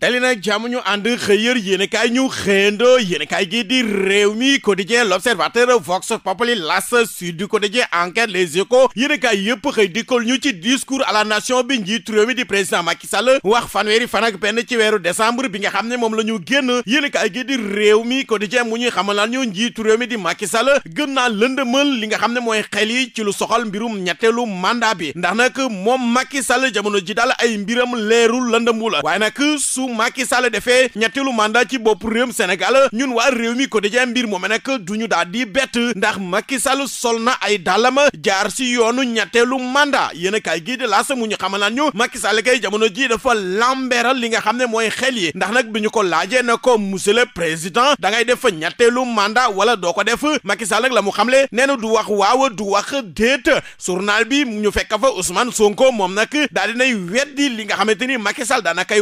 dali nag jàmm ñu ànd xëyër yéen kaay ñu xëyando yéen kaay gi di réew mi quotidien l'observateur vox populi las sud quotidien enquête les échos yéen kaay yëpp xëy dikkal ñu ci discours à la nation bi njiit réew mi di président Macky Sall wax fanweeri fan ak benn ci weeru décembre bi nga xam ne moom la ñu génn yéen kaay gi di réew mi quotidien mu ñuy xamal ñu njiit réew mi di Macky Sall gën naa lëndëmal li nga xam ne mooy xel ci lu soxal mbirum ñetteelu mandat bi ndax nag moom Macky Sall jamono ji daal ay mbiram leerul lëndëmu la waaye Macky Sall defee ñetteelu mandat ci bopp réewum Sénégal ñun waa réew mi quotidien mbir mooma nag du ñu daal di bett ndax Macky Sall sol na ay dàllama jaar si yoonu ñetteelu mandat yéen a kaay gii di laas mu ñu xamal naan ñu Macky Sall kay jamono ji dafa lamberal li nga xam ne mooy xel ndax nag bi ñu ko laajee na ko monsieur le président da ngay def ñetteelu mandat wala doo ko def Macky Sall nag la mu xamle nee na du wax waaw du wax déet journal bi ñu fekk fa Ousmane Sonko moom nag daal dinay weddi li nga xamante ni Macky Sall daana kay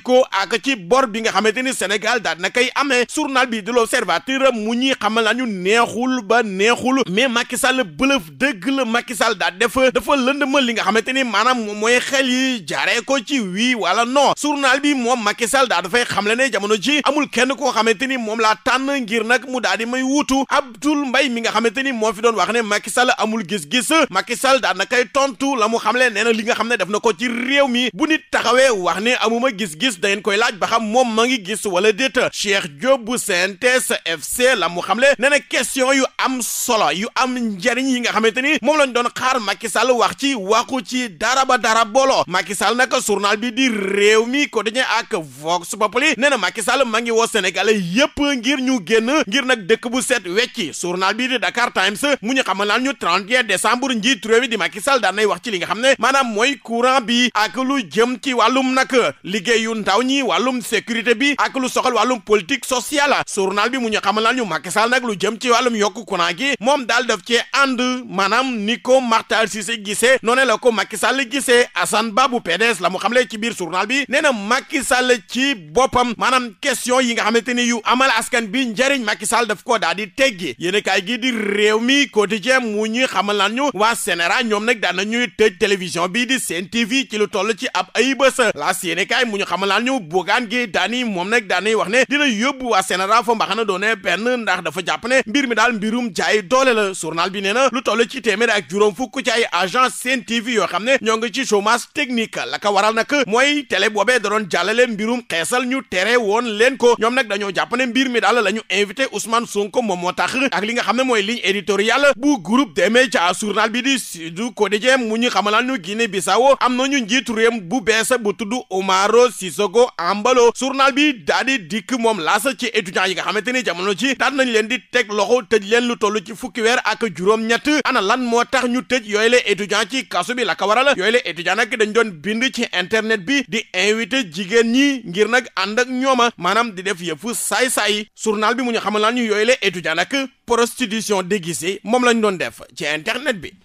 ko ak ci bor bi nga xamante ni Sénégal daal na koy amee journal bi di l'Observateur mu ñuy xamal nañu neexul ba neexul mais Macky Sall bëlëf dëgg la Macky Sall daal def dafa lëndëmal li nga xamante ni maanaam moom mooy xel jaaree ko ci wii wala non journal bi moom Macky Sall daal dafay xamle ne jamono ji amul kenn koo xamante ni moom laa tànn ngir nag mu daal di may wuutu Abdoul Mbaye mi nga xamante ni moo fi doon wax ne Macky Sall amul gis-gis Macky Sall daal na koy tontu la mu xamle nee na li nga xam ne def na ko ci réew mi bu nit gis dangeen koy laaj ba xam moom ma ngi gis wala déet Cheikh Diop bu CNTS FC la mu xamle nee na question yu am solo yu am njariñ yi nga xamante ni moom lañ doon xaar Macky Sall wax ci waxu ci dara ba dara booloo Macky Sall nag journal bi di réew ko quotidien a Vox Populi nee na Macky Sall ma ngi woo Sénégalais yépp ngir ñu génn ngir nag dëkk bu set wecci journal bi di Dakar Times mu ñu xamal naan ñu 31 décembre njiit réew mi di Macky Sall nay wax ci li nga xam ne maanaam mooy courant bi ak ci wàllum nag wàllum ndaw ñi wàllum sécurité bi ak lu soxal wàllum politique sociale journal bi mu ñu xamal ñu Macky Sall nag lu jëm ci wàllum yokk courant gi moom daal daf cee ànd maanaam ni ko Makhtar Cissé gisee noonu la ko Macky Sall gisee Assane Ba bu PDS la mu xamle ci biir journal bi nee na Macky Sall ci boppam maanaam question yi nga xamante ni yu amal askan bi njëriñ Macky Sall daf ko daal di teggi gi di réew mi quotidien mu ñuy xamal lan ñu waa Sénégal ñoom nag daan na ñuy tëj bii di Sen TV ci lu toll ci ab ay bës la yéen kaay mu ñu xamal xamalal ñu Bougane Gueye Dany moom nag daanay wax ne dina yóbbu waa CNRA fa mbaxana doone penn ndax dafa jàpp ne mbir mi daal mbirum jaay doole la journal bi nee na lu toll ci téeméer ak juróom fukk ci ay agent Sen TV yoo xam ne ñoo ngi ci chômage technique la ko waral nag mooy télé boobee da doon jàllale mbirum xeesal ñu tere woon leen ko ñoom nag dañoo jàpp ne mbir mi daal la ñu invité Ousmane Sonko moom moo tax ak li nga xam ne mooy ligne éditoriale bu groupe des médias journal bi di Sud Quotidien mu ñu xamalal ñu Guinée Bissau am nañu njiitu réew bu bees bu tudd Umaro Sissoco Cissokho ambalo journal bi daa dikk moom laasa ci étudiants yi nga xamante ni jamono ci daan nañ leen di teg loxo tëj leen lu toll ci fukki weer ak juróom-ñett ana lan moo tax ñu tëj yooyu la étudiant ci kaso bi la ko waral yooyu la étudiant nag dañ doon bind ci internet bi di invité jigéen ñi ngir nag ànd ak ñooma maanaam di def yëfu saay-saay journal bi mu ñu xamal ñu yooyu la étudiant nag prostitution déguisée moom lañ doon def ci internet bi